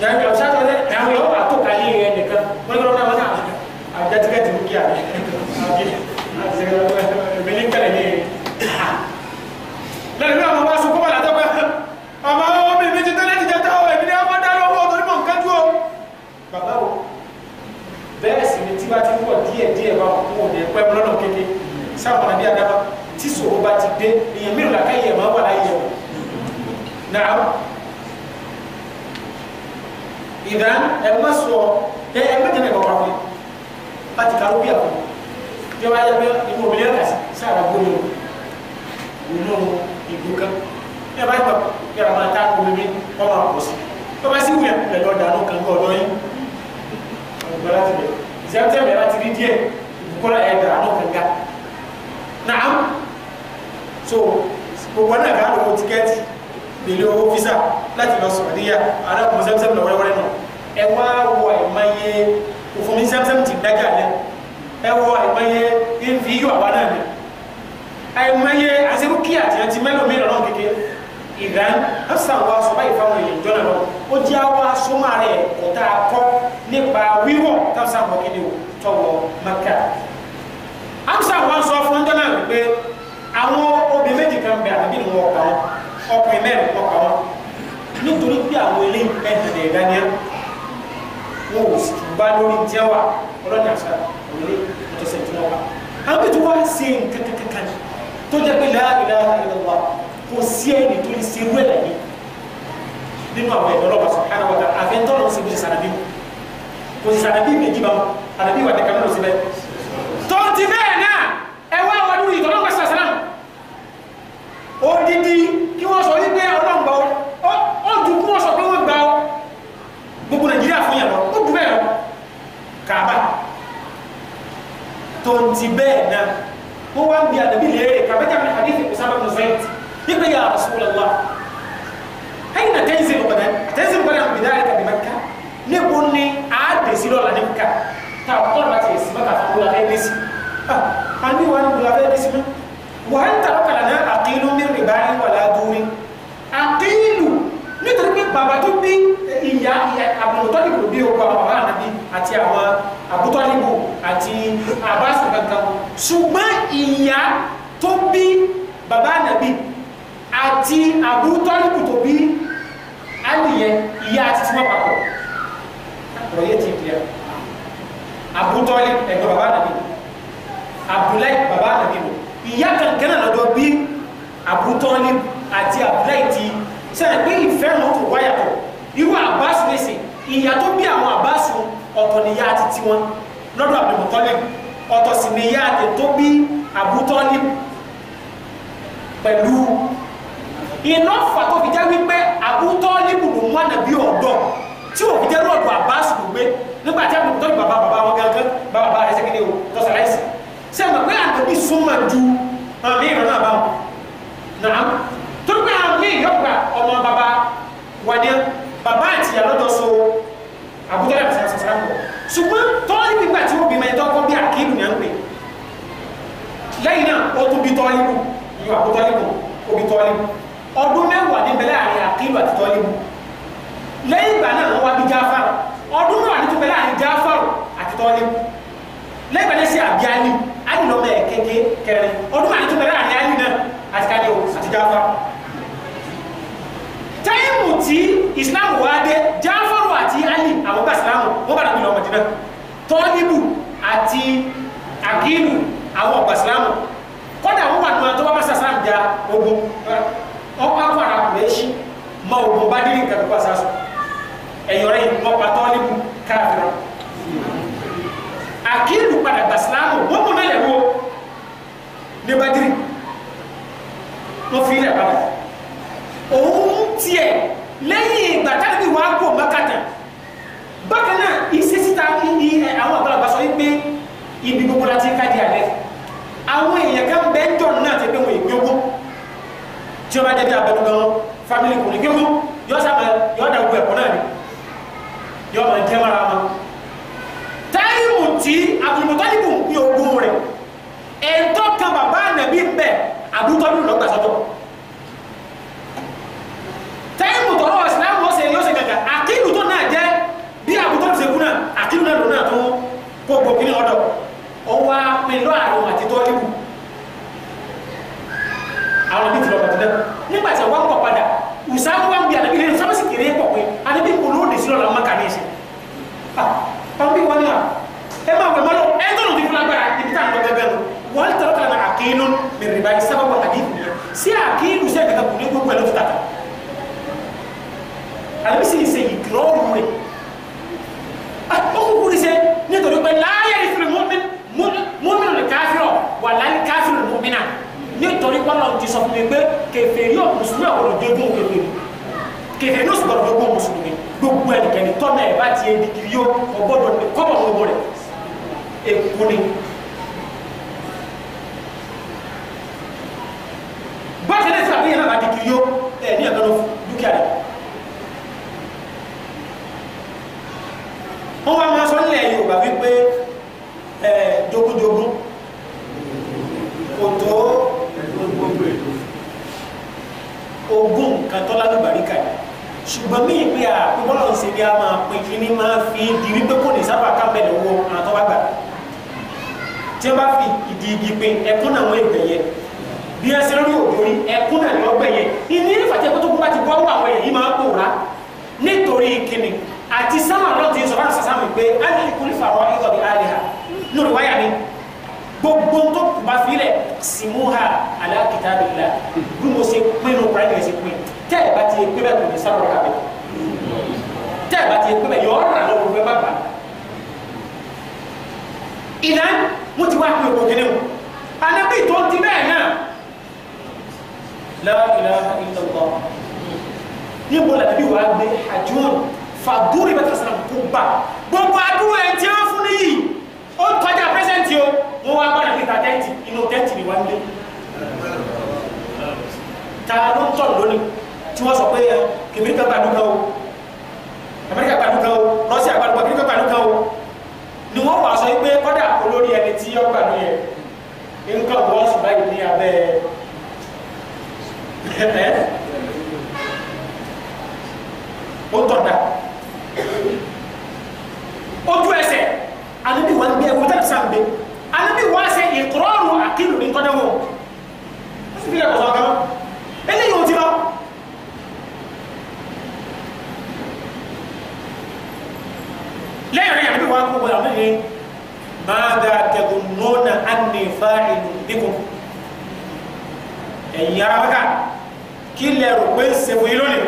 yàrá ìgbà sáà tó ẹ ẹ àwọn yòówà tó kàlí de nìkan wọn lọ náà wọn náà àjẹtìkẹ tìlú kíá mini kala ye lẹni mi àwọn ọmọ aṣọ kọ́mọ̀ látọ̀ pé ọmọ ọmọ mi mi ti tẹ́lẹ̀ ti jẹ táwọn ẹ̀mí ni a máa dá lọ́wọ́ ọ̀tọ̀ nímọ̀ nǹkan tó. bàbá o bẹ́ẹ̀ sì ni tí bá ti ń bọ̀ díẹ̀ díẹ̀ bá wọn kún òní ẹ̀pẹ́ lọ́nà kéde sáwọn àbí adama tí sòrò bá ti dé èèyàn mìíràn làkàyè tí wọ́n á yẹ pé inú omi yẹn kà sí sára gbóni o inú ìgbó kan ní ẹ bá gbà kí ẹ máa ta omi mi wọ́n máa pọ̀ sí tó bá sì wù pẹ̀lú ọ̀dà ló kàn gbọ́dọ̀ yín ọ̀gbọ́n láti bẹ̀ ìṣẹ́ntẹ́ bẹ̀rẹ̀ láti rí díẹ̀ ìbùkọ́lá ẹ̀dà ló kàn ga naam so gbogbo náà kàn lówó tíkẹ́ẹ̀tì lèlé owó fisa láti lọ sọ̀rọ̀ níyà alákùnrin sẹ́mísẹ́mí lọ wẹ́rẹ́wẹ́rẹ́ náà ẹ wá wọ ẹ̀ máa yẹ òfin sẹ́mísẹ́mí ti dájà lẹ́nu ẹ wọ àìmọye nv yóò àwa náà ni àìmọye àṣerúkíà tí ti mẹlòmíì lọ́nà kéke ìdán wa sọ báyìí fáwọn èèyàn jọ náà o tọwọ́ maka hasan wa sọ fún ọjọ́ náà wípé àwọn obìnrin méjì kan bẹ àbí ni wọn kọ́ ọkùnrin mẹ́rin nítorí pé àwọn eléyìí ìdáníyà. wọn ò sì tún bá lórí díẹ̀ wa ọlọ́dà sá òní ìtọ́sẹ̀ tí wọ́n wà. àwọn ètò wa ṣe nǹkan kankan ni tó jẹ́ pé láàyè láàyè lọ́wọ́ kò sí ẹni tó lè ṣe irú ẹ̀ láyé nínú àwọn ẹ̀dọ́ lọ́wọ́ subhanahu wa ta'ala àfẹ́ tọ́lọ́ sí bíi sànàbí kò sì sànàbí méjì ti bẹ́ẹ̀ náà wọ́n wá ń bi àdàbí léèrè kàbẹ́jà mi hadith Usama bin Zayd yípe ya Rasulullah aina tanzilu badan tanzilu badan bidhalika bi Makkah ne ko ni a desi lọ́la ní Makkah ta tọ́lọ̀ láti yẹ sí Makkah fún wula fẹ́ desi a ní wa ni wula fẹ́ desi mi wa an tàbí kala náà aqilu min ribaayi wala duri aqilu nítorí pé bàbá tó bí ìyá ìyá ìbò bí o àwọn àbí àti àbútọ́líbù àti àbáṣe kankan ṣùgbọ́n ìyá tó bí bàbá ànàbí àti àbútọ́líbù tó bí ànìyẹ ìyá àti tí wọ́n papọ̀ ọ̀rọ̀ yẹ ti bìíyà àbútọ́lí ẹ̀gbọ́n bàbá ànàbí Abdullahi bàbá ànàbí lò ìyá kankan náà lọ́dọ̀ bí àbútọ́lí àti Abdullahi ti sẹ́yìn pé ìfẹ́ wọn kò wáyà pọ̀ irú àbáṣe ìyá tó bí àwọn àbáṣe ọ̀tọ̀ ni yá ti ti wọn lọ́dọ̀ Abdulmutalib ọ̀tọ̀ sì ni yá ti tó bí àbútọ́lì pẹ̀lú iná fà tó fi jẹ́ wípé àbútọ́lì bùnú mọ́ nàbí ọ̀dọ́ tí ò fi jẹ́ lọ́dọ̀ Abbas gbogbo nígbà tí Abdulmutalib bàbá bàbá wọn gángan bàbá bàbá rẹ̀ sẹ́kẹ́ni o tọ́sàlẹ́sì sẹ́wọ̀n pé àdébí súnmọ́ ju àmì ìrànlọ́ àbáwọn nàá tó gbé àmì ìyọ̀gbà ọmọ bàbá wàdí bàbá àtìyà lọ́dọ̀ so àbútọ́lì lẹ́yìn náà ó tún bí tọ́límù ìyọ àpò tọ́límù ó bí tọ́límù ọdún mẹ́wàá ní bẹ́lẹ̀ àárín àkílù àti tọ́límù lẹ́yìn ìgbà náà wọ́n wá bí jáfàrù ọdún náà ní tún bẹ́lẹ̀ àárín jáfàrù àti tọ́límù lẹ́yìn ìgbà náà sí àbí alí alí lọ́mọ ẹ̀ kéke kẹrin ọdún náà ní tún bẹ́lẹ̀ àárín alí náà àti kálí o àti jáfàrù táìmù tí Islam wá dé jáfàrù àti alí àwọn gbà Islam wọ́n bá àwọn ọgbà sílámù kọ́dà àwọn wà nùmọ̀ tó bá masa sáà jà ogun ọkọ̀ akọ̀ ara kùrẹ́ ṣí ma ogun bá dín nǹkan pípa sáà sùn ẹ̀yọ̀ rẹ̀ ìmọ̀ pàtó níbu káàfin àkílù padà gbà sílámù wọ́n mú náà yẹ̀wò ní Badiri wọ́n fi ilẹ̀ padà òun tiẹ̀ lẹ́yìn ìgbà tàbí wàá gbò mọ́kàtà bákan náà ìṣesíta ní àwọn àgbàlagbà sọ wípé ibi gbogbo láti kájí àlẹ́ àwọn èèyàn kan bẹ ń jọ náà ti pé wọn ìgbógbó tí wọn bá jẹbi abẹnú gan wọn fámìlì kò ní gbógbó yọ sábà yọ ọdà gbogbo ẹkọ náà ni yọ ọmọ jẹ mara wọn. táyìmù tí àbùrùmọ̀tálìbù ń pín ogún rẹ̀ ẹ̀ńtọ́ kan bàbá ànàbí ń bẹ̀ àbútọ́lù lọ́gbà sọ́tọ̀. táyìmù tọ́lọ́ ìsìlámù ọ̀sẹ̀ yóò ṣe gàgà àkínú tó náà jẹ́ bí àbútọ́lù ṣe kú náà àkínú náà lò náà tó kó gbòkínì ọ̀dọ̀ ọwọ́ pẹ̀lú àrùn àtijọ́ àwọn bí tìlọ̀ bàtí náà nígbà tí wọ́n pọ̀ padà ìsáájú wa ń bi àdébí lẹ́nu sábà sì kéré pọ̀ pé àdébí kò ló dé sílọ̀ làwọn kàní ẹ̀sẹ̀ pàmí wọn náà ẹ máa wẹ̀ mọ́lọ ẹ tó lòdì fún agbára ibi tá à ń lọ gẹ́gẹ́ lọ wọ́n tẹ̀lé kan náà àkéínú mẹ̀rẹ̀ báyìí sábàbù àdébí nìyẹn sí àkéínú sẹ́ kẹta kùnú gbogbo ẹ̀ ló fi tàkà àdébí sì ń ṣe ìdúrọ́ọ̀rù rẹ̀ ó kúkú ní sẹ́ nítorí pé láyé ìfìlẹ̀ mọ́mí mọ́mí lè káfírọ̀ wà láyé káfírọ̀ mọ́mí náà nítorí pálọ̀ ti sọ fún mi pé kẹfẹ́rí mùsùlùmí àwọn olùdógún kẹfẹ́rí kẹfẹ́rí ló sì gbọdọ̀ gbogbo mùsùlùmí gbogbo ẹnikẹ́ni tọ́nà ẹ̀ bá ti ẹni kiri yó ọgbọ́dọ̀ ní kọ́mọ̀ gbogbo rẹ̀ èkó ni. bákan náà sábẹ́ yẹn náà bá di kiri yó gbin ẹkún náà wọ́n ègbè yẹn bí ẹ sẹ́rẹ́ yóò borí ẹkún náà ni wọ́n gbẹ̀ yẹn ìní ìfàtẹ́ kótó kó bá ti bọ́ wọ àwọn èyí máa pòórá nítorí kíni àti sáwọn náà ti sọ fún àṣà sáwọn pé á ní ìkúlì fàrọ ìtọ̀ bí alẹ́ ha lórí wáyà mi gbogbo tó kù bá filẹ̀ simu ha alákìtá bí la bí mo ṣe pinnu kúrẹ́ nìyẹn ṣe pin tẹ́ ẹ̀ bá ti pé bẹ́ẹ̀ kò ní sábà kàbẹ́ tẹ́ ẹ̀ bá ti pé bẹ́ẹ̀ yọ ọ́ rà lọ́wọ́ bẹ́ẹ̀ bá bà ìlànà mo ti wá pé òkè nínú anabi tó ti bẹ́ẹ̀ náà láàbìlà ìlọ́gbọ́ níbo làbí wà á gbé àjọyọ̀ fàdúrì bàtà sàn kó bá gbogbo àdúrà ẹ̀ tí wọ́n fún ní yìí ó tọ́jà pẹ́sẹ́ǹtì o wọ́n wá gbọ́dọ̀ fi ta tẹ́ǹtì inú tẹ́ǹtì ni wọ́n ń ta ló ń tọ̀ lónìí tí wọ́n sọ pé kìmíríkà gbàdúrà o amẹ́ríkà gbàdúrà o abẹ́ ẹ o tọ̀da o tu ẹsẹ̀ ale bi wa gbẹ wotẹ san be ale bi wa ṣe ìkọrọrù akilu ni tọdẹ wo o sì fi yẹ kama eléyìí o ti lọ. lẹ́yìn rẹ̀ yàrá bí wàá kó wọlé àwọn ènìyàn máa ga tẹ̀gùn nọ́ọ̀nà ànìfàìlù bíkùn ẹ̀yin arabaka kí lẹ rò pé ń ṣe fún yín lónìí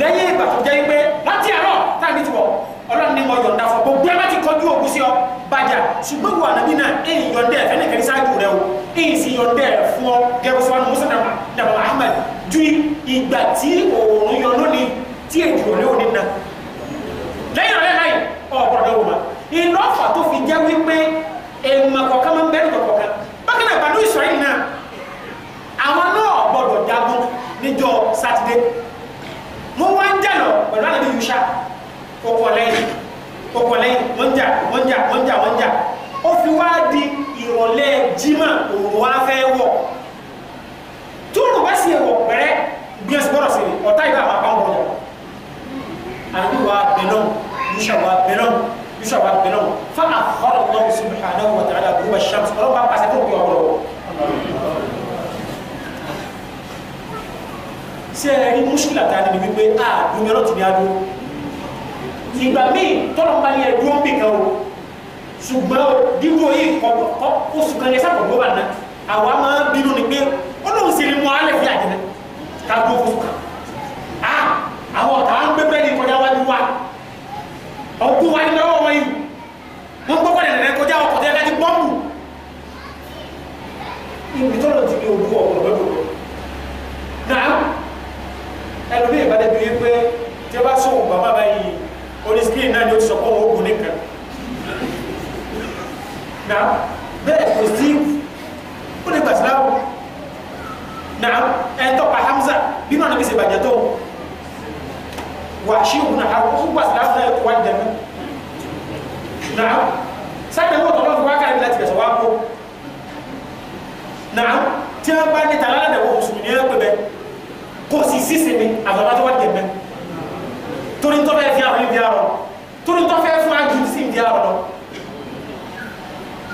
lẹ́yìn ìgbà tó jẹ́ pé láti àárọ̀ táàbí ti wọ̀ ọlọ́run ní wọ́n yọ̀ǹda fún gbogbo ẹ bá ti kọjú òkú sí ọ bàjá ṣùgbọ́n wo ànábì náà èyí yọ̀ǹda ẹ̀fẹ́ ní kẹrin ṣáájú rẹ o èyí sì yọ̀ǹda ẹ̀ fún ọ gẹ́gẹ́ sọ́wọ́n musa dàmọ́ ahmed ju ìgbà tí òòrùn yọ lónìí tí èdè òní òní na lẹ́yìn ọ̀rẹ́ láì ọ̀bọ̀dọ̀ wò ma iná ọ̀fà tó fi jẹ́ wípé èèmọ̀ kọ̀ọ̀kan máa ń bẹ́ẹ̀ àwọn náà gbọ́dọ̀ jagun níjọ́ sátidé wọ́n wá ń jà lọ pẹ̀lú àlejò yusa kọkọ lẹ́yìn kọkọ lẹ́yìn wọ́n ń jà wọ́n ń jà wọ́n ń jà wọ́n ń jà ó fi wá di ìrọ̀lẹ́ jimá òun wá fẹ́ wọ̀ tóòrò bá sì wọ̀ pẹ̀rẹ́ gbìyànjú gbọ́dọ̀ sí ni ọ̀tá ìbá àwọn àpá wọn àbí wa bẹ̀rẹ̀ yusa wa bẹ̀rẹ̀ yusa wa bẹ̀rẹ̀ fún àkọ́rọ̀ lọ́wọ́ subhanahu wa ta'ala àbúrò wa ṣàmùsùn ọlọ́pàá pàṣẹ tó kù ọ̀rọ̀ ṣe é rí mùsùlùmí àtàwọn ẹni wípé a dùnmí ọlọ́tì ní adó ìgbà míì tọ́lọ̀ bá ní ẹ̀dùn ọ̀bì kan o ṣùgbọ́n o dídú oyè kọ̀ọ̀kọ̀ oṣù kan yẹn sábà gbọ́bà náà àwa máa ń bínú ni pé ó lóun sì ní mọ alẹ́ fi àjẹmẹ́ ká dúró fún kan a àwọn ọ̀tá ń gbé bẹ́ẹ̀ ní kọjá wájú wa ọ̀gbọ́n wa ní lọ́wọ́ wọn yìí wọ́n gbọ́ pọ̀ nẹ̀nẹ̀ kọjá ẹlòmíì bá débi wípé tí ó bá sún òun bàbá báyìí orí screen náà ni ó ti sọ pé òun ògùn nìkan na bẹ́ẹ̀ kò sí ó lè gbà síláàmù na ẹ̀ tọ́pa Hamza bínú àná bí ṣe bàjẹ́ tó wàṣí òun náà ó gbà síláàmù náà wá ìdẹ́nu na sáyẹn wọ́n tọ́lọ́ fún wákàtí láti bẹ̀sẹ̀ wá kó na tí wọ́n bá ní tàlálẹ̀ wọ́n mùsùlùmí ní ẹgbẹ́ bẹ́ẹ̀ kò sì sísè mi àgbàdo wà dẹ̀mẹ́ torí ń tọ́fẹ́ fi àwọn ibi àrọ̀ torí ń tọ́fẹ́ fún àjù sí ibi àrọ̀ lọ.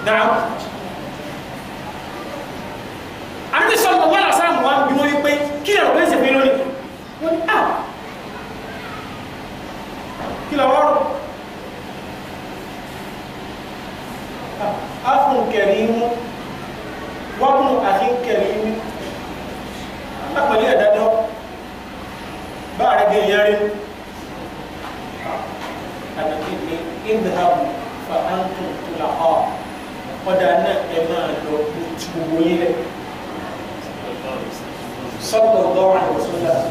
Nàá àti sọ̀rọ̀ wọ́n làásà mọ́ àwọn ìwọ́n wípé kí lè rọ̀bẹ́ ìsèpé lónìí wọ́n ní à ah! kí lè wọ́rọ̀ afun ah, kẹrìmú wọ́pùn àti kẹrìmú lápẹ̀lẹ́ ẹ̀dádọ́. بعد جيار أنا كنت اذهبوا فأنتم طلقاء قد أنا إما لو تبويل صلى الله عليه وسلم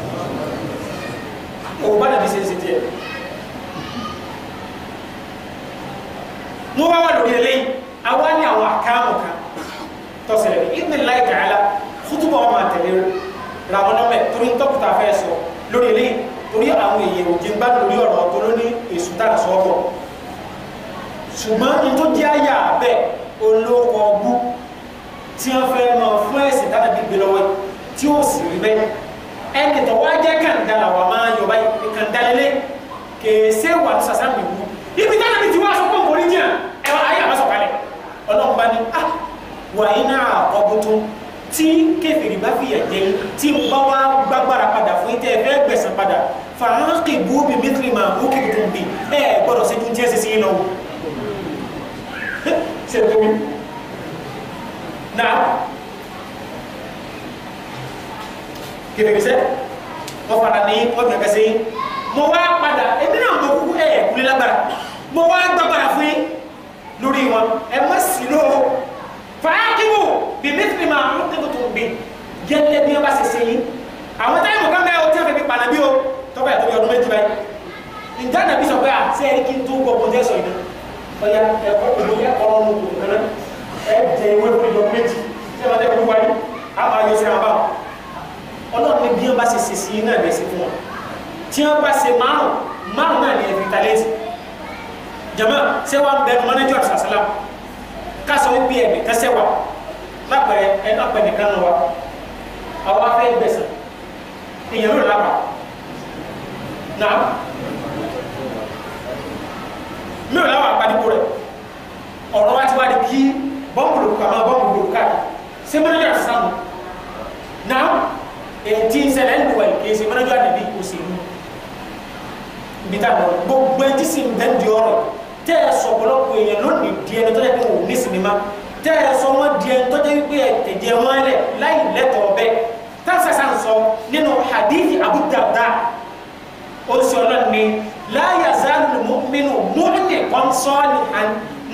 وبنا بسنسيتير mo bá wà lórí eléyìí àwa ní àwọn àkáàmù kan tọ́sílẹ̀ ní ìdílé láì tààlà kútùbọ̀ ọmọ àtẹ̀lé ramọ́nọ́mẹ́ torí lórí eléyìí torí àwọn èèyàn òjì ń bá lórí ọ̀rọ̀ tó ló ní èṣù tá à sọ́ọ̀rọ̀ ṣùgbọ́n ní tó jẹ́ àyà abẹ́ olóko ọgbú tí wọ́n fẹ́ mọ fún ẹ̀sìn tá àbí gbé lọ́wọ́ tí ó sì rí bẹ́ẹ̀ ẹni tó wá jẹ́ kàńdà làwọn máa yọ báyìí kàńdà lélẹ̀ kèsè wà sàṣà mi wú ibi tá àbí ti wá sọ pé òkòrí jìnnà wá ayé àbá ọlọ́run bá ní ah wàyí náà ọ̀gbọ́n tí kẹfìrì bá fìyà jẹ yín tí n bá wá gbàgbára padà fún yín tẹ ẹ fẹ́ gbẹ̀san padà fàákì bú mi mítírì máa bú kí tuntun bì ẹ gbọ́dọ̀ sí tún jẹ sísí yín lọ. [LAUGHS] ṣe tó mi na kẹfìrì sẹ fara ní ọjà kẹsẹ yín mo wá padà èmi náà mo kúkú ẹ kúlẹ lágbára mo wá gbàgbára fún yín lórí wọn ẹ má sí lóo fàájúwò bí mísìlì máa ń tẹ́kọ̀ tó ń gbé gẹ́lẹ́ bí wọ́n bá ṣe ṣe yìí àwọn táyà mọ̀ká mẹ́ o tí wọ́n fi pàdé bí o tọ́pẹ́ àtọ́bí ọdún méjì báyìí ǹjẹ́ àná bí sọ pé à ṣe é kí n tó gbọ́ bọ́jẹ́ sọ yìí ọ̀yà ẹ̀kọ́ ìgbóyà ọ̀rọ̀ mu kò nana ẹ̀ jẹ́ ìwé fún ìjọ méjì ṣé wọ́n tẹ́ kú wáyé á máa yọ sí àbá ọlọ́run ní bí wọ́n bá ṣe ṣe sí náà lẹ́sí fún wọn tí wọ́n bá ṣe márùn márùn náà ní ẹ̀fìtàlẹ́sì jama ṣé wọ́n bẹ̀rù mọ́nẹ́jọ́ kasa o bia mi kasa wa lakpɛ ɛ lakpɛ ne kan wa awo afɛ bɛ san ìyẹn ló laba na mi ò láwọn àgbàdìbò rẹ ọ̀rọ̀ wa ti wá di kí bọ́ǹbùlù kàmá bọ́ǹbùlù káàkiri sẹ́mẹ́nẹ́jọ́ àsánù na ètí ìṣẹ̀lẹ̀ ń lùwà ìké sẹ́mẹ́nẹ́jọ́ àdìbí òṣèlú ibi táwọn gbogbo ẹtí sì ń bẹ́ẹ̀ di ọ̀rọ̀ yìí tẹ́ ẹ sọ̀pọ̀lọpọ̀ èèyàn lónìí di ẹni tọ́jà pé wò ní sinimá tẹ́ ẹ sọ wọ́n di ẹni tọ́jà wípé ẹ̀jẹ̀ wọn lẹ̀ láì lẹ́tọ̀ọ́ bẹ́ẹ̀ tásásá ń sọ nínú hadithi Abu Darda oṣù ọlọ́ni láyà záàlù mọ́mínú mọ́mínú kan sọ́ọ̀lì hàn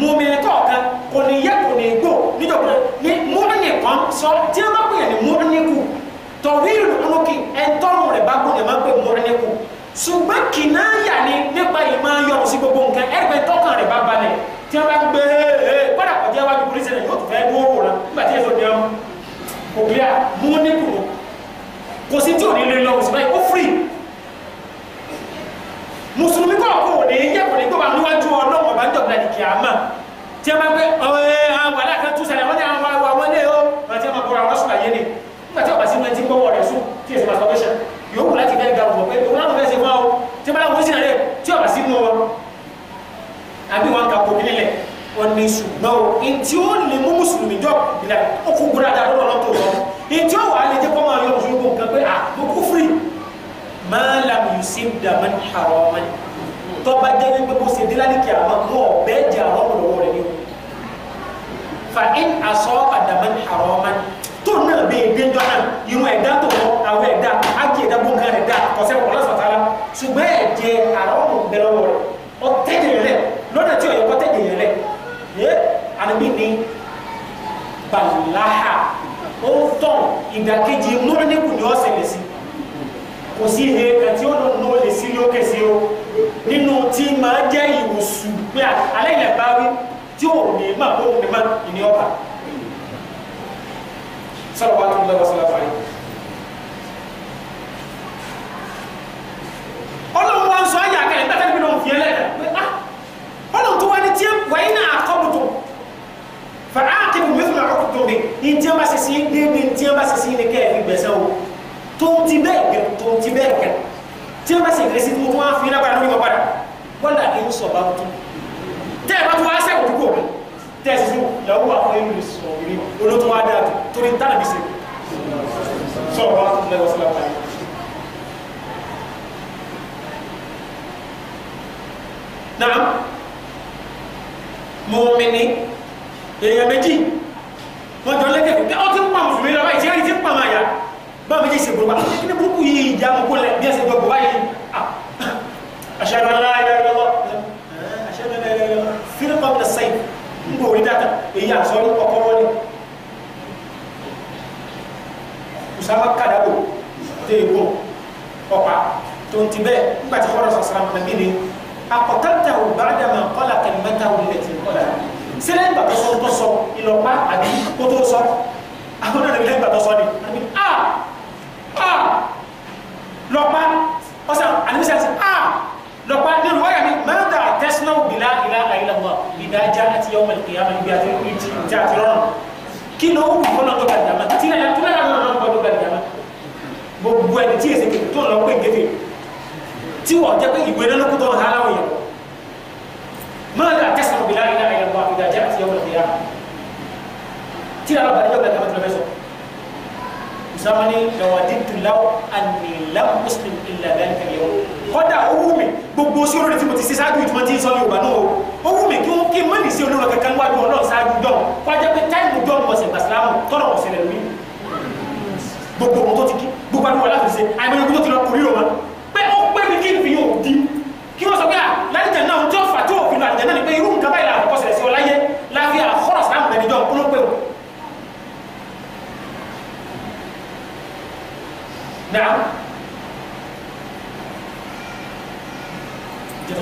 mọ́mínú kọ̀ọ̀kan kò ní yẹ kò ní gbò níjọba ní mọ́mínú kan sọ tí wọ́n bá pè ní mọ́mínú kù tọ̀wéèrè ọlọ́kì ẹ̀ńtọ́rùn rẹ̀ bá gbọ́dọ̀ máa pè mọ́mínú kù ṣùgbọ́n kìnnáyà ni nípa ìmọ̀ yọrùn sí gbogbo nǹkan ẹ̀rí pé tọ́kàn rẹ̀ bá balẹ̀ tí wọ́n bá ń gbé kọ́dà kọjá iwájú polisi náà yóò tún fẹ́ dúró wò náà nígbà tí èso dẹ̀rùn kò gbé à mú nípò kò sí tí ò ní lè lọ òsì báyìí ó firi mùsùlùmí kọ̀ kó ò ní yẹ kò ní gbọ́ bá níwájú ọlọ́wọ́ bá ń jọ̀gbìn àdìkì àmà tí wọ́n bá gbé àwọn aláàkà tún sẹ́lẹ̀ wọ́n ní àwọn àwọn o ni nígbà tí ọ̀bà sí wọn ti gbọ́wọ́ rẹ̀ sùn tí yóò wù láti fẹ́ ga ọ̀pọ̀ pé òun láwọn fẹ́ ṣe fún ọ tí wọ́n bá wọ́n sí rẹ̀ tí ọ̀bà sí mú wọn àbí wọn kà kò nílẹ̀ wọn ní ṣùgbọ́n o ntí ó lè mú mùsùlùmí jọ ìlà ó kú gbúra dáa lọ́wọ́ lọ́tò lọ ntí ó wà á lè jẹ́ kọ́mọ yọ òṣèlú kò nǹkan pé à mo kú firi máa làm yù sí dàmẹ́ àrọ̀ ọmọ ni tọ́ba jẹ́ wípé mo ṣe délá ní kí àwọn mú ọ̀bẹ́ jẹ àwọn ọmọlọ́wọ́ rẹ̀ ni fa in asọ́ àdàmẹ́ àrọ̀ ọmọ ni tó náà bẹ́ẹ̀ dé náà irun ẹ̀dá tó da ọ̀sẹ̀ pọ̀ lọ́sọ̀ tààrà ṣùgbọ́n ẹ̀jẹ̀ àrà ọ̀nà bẹ̀rẹ̀ wọ̀ rẹ̀ ọ̀tẹ́jẹ̀ rẹ̀ lọ́nà tí ọ̀yọ́ kọ́tẹ́jẹ̀ rẹ̀ yé àdúgbò ní balaha ó ń tọ̀ ìdàkejì múrẹ́nìkù ni ó ṣẹlẹ̀ sí kò sí ihe kan tí ó lọ nù lè sí lókè sí o nínú tí máa jẹ́ ìwòsù pé alẹ́ ilẹ̀ bá wí tí ò ní má kó ní má ìní ọ̀bà sọ̀rọ̀ wa tó ń lọ́wọ́ sọ́lá fàáyé. ọlọ́run wá ń sọ ayé àkẹ́lẹ́ nígbà tẹ́lẹ̀ bí wọ́n fi ẹ́ lẹ́yìn ah, ọlọ́run tó wá ní tiẹ́ wáyé náà àkọ́bùtò fàrà àkẹ́bù mẹ́fù náà àkọ́bùtò mi ní tiẹ́ bá sisi déédéé ní tiẹ́ bá sisi ní kẹ́ẹ̀fì gbẹ̀sẹ̀ o tó ń ti bẹ́ẹ̀ gẹ̀ tó ń ti bẹ́ẹ̀ gẹ̀ tiẹ́ bá sì gẹ̀rẹ́sì tó wá fi lágbára lórí ọ̀padà wọ́n dà kí n sọ̀ bá tó tẹ́ ẹ bá tó naam mọ̀mìnì èèyàn méjì wọ́n jọ lẹ́kẹ̀ẹ́ kò tẹ́ ọ́ ti ń pa mùsùlùmí lọ báyìí ṣẹ́yìn ti ń pa máa yá bá mi jẹ́ ìṣègùn wa kí ni burúkú yìí ìjà àkókò lẹ bí ẹsẹ̀ gbogbo báyìí ashhadu an la ilaha illallah ashhadu an la ilaha illallah fírẹ́pà mi lẹ́sẹ̀ ń gbòòrí dáadáa èyí àsọ̀rí ọkọ̀ wọn ni usama kadabo tẹ́ ìgbò ọ̀pá أقتلته بعدما قلق كلمته التي قلق سلام بقى صوت صوت إلى ما أدي كتو صوت أهونا نبي لهم بقى صوت آه آه لقمان أصلا أنا مثلا آه لقمان دي رواية ماذا تصنع بلا إله إلا الله إذا جاءت يوم القيامة بيأتي رون kí ló wù kó lọ́dọ̀ gbàdàmà tí lẹ́yìn tó lẹ́yìn lọ́dọ̀ gbàdàmà gbogbo ẹni tí èsì kìtì tó lọ́ pé gẹ́gẹ́ tí wọ́n jẹ́ pé ìwé náà lókùtọ̀ wọn hálà wọ̀nyẹn máa lè àtẹ́sán òbí láàrin náà ẹ̀yẹ̀ wọn àbúdá jẹ́ àti ẹ̀wọ̀n ìyá tí àwọn àbájá ọ̀gá ìjọba ìjọba sọ musamman ni lọ́wọ́dìtì láwọ̀ àníláwọ̀ muslim ilẹ̀ abẹ́lẹ̀ kẹ̀lẹ́ wọn kọ́dà owó mi gbogbo sí olórí tí mo ti ṣe ṣáájú ìtumọ̀ tí ń sọ yorùbá náà owó mi kí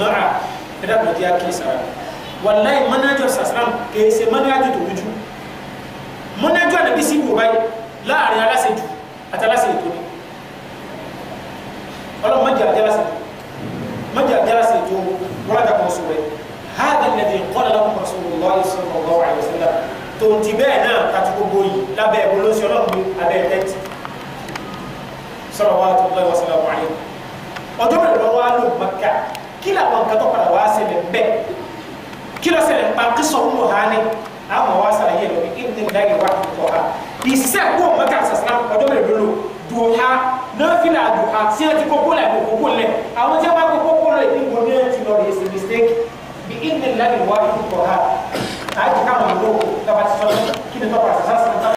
jama'a ẹ̀dá kò jẹ́ kí sara wàláyé mọ́nájọ́ sàsàrán kèése mọ́nájọ́ tó rújú mọ́nájọ́ àdàbí sí wò báyìí láàrin aláṣejù àti aláṣejù tó ní ọlọ́run mọ́jà àjálàṣe mọ́jà àjálàṣe tó wọ́n dàpọ̀ sọ rẹ̀ hàdà lẹ́dí kọ́lá lọ́kùn Rasulullahi sallallahu alaihi wasallam tó ti bẹ́ẹ̀ náà kàtó gbogbo yìí lábẹ́ ìbolóṣì ọlọ́run abẹ́ ẹ̀tẹ́tì sallallahu alaihi wasallam ọjọ́ mẹ́rin lọ́wọ́ á lò Makkah kí làwọn nǹkan tó padà wá ṣẹlẹ̀ bẹ́ẹ̀ kí ló ṣẹlẹ̀ nípa kí sọ̀rọ̀ ló hàn ní àwọn wá ṣàlàyé lọ ní ìdí ìdáyé wá tó ha ìṣe kó o mọ̀ká sàṣàlá ọjọ́ bẹ̀rẹ̀ lólo dùn ha náà fi là dùn ha tí ẹ ti kókó lẹ̀ kókó lẹ̀ àwọn tí ẹ bá kókó lẹ̀ ní ìwọ ní ẹ ti lọ rèé ṣe mistake bí ìdí ìdáyé wá tó ha àti káwọn lò lábàtí sọ́dọ̀ kí ni tó padà sàṣàlá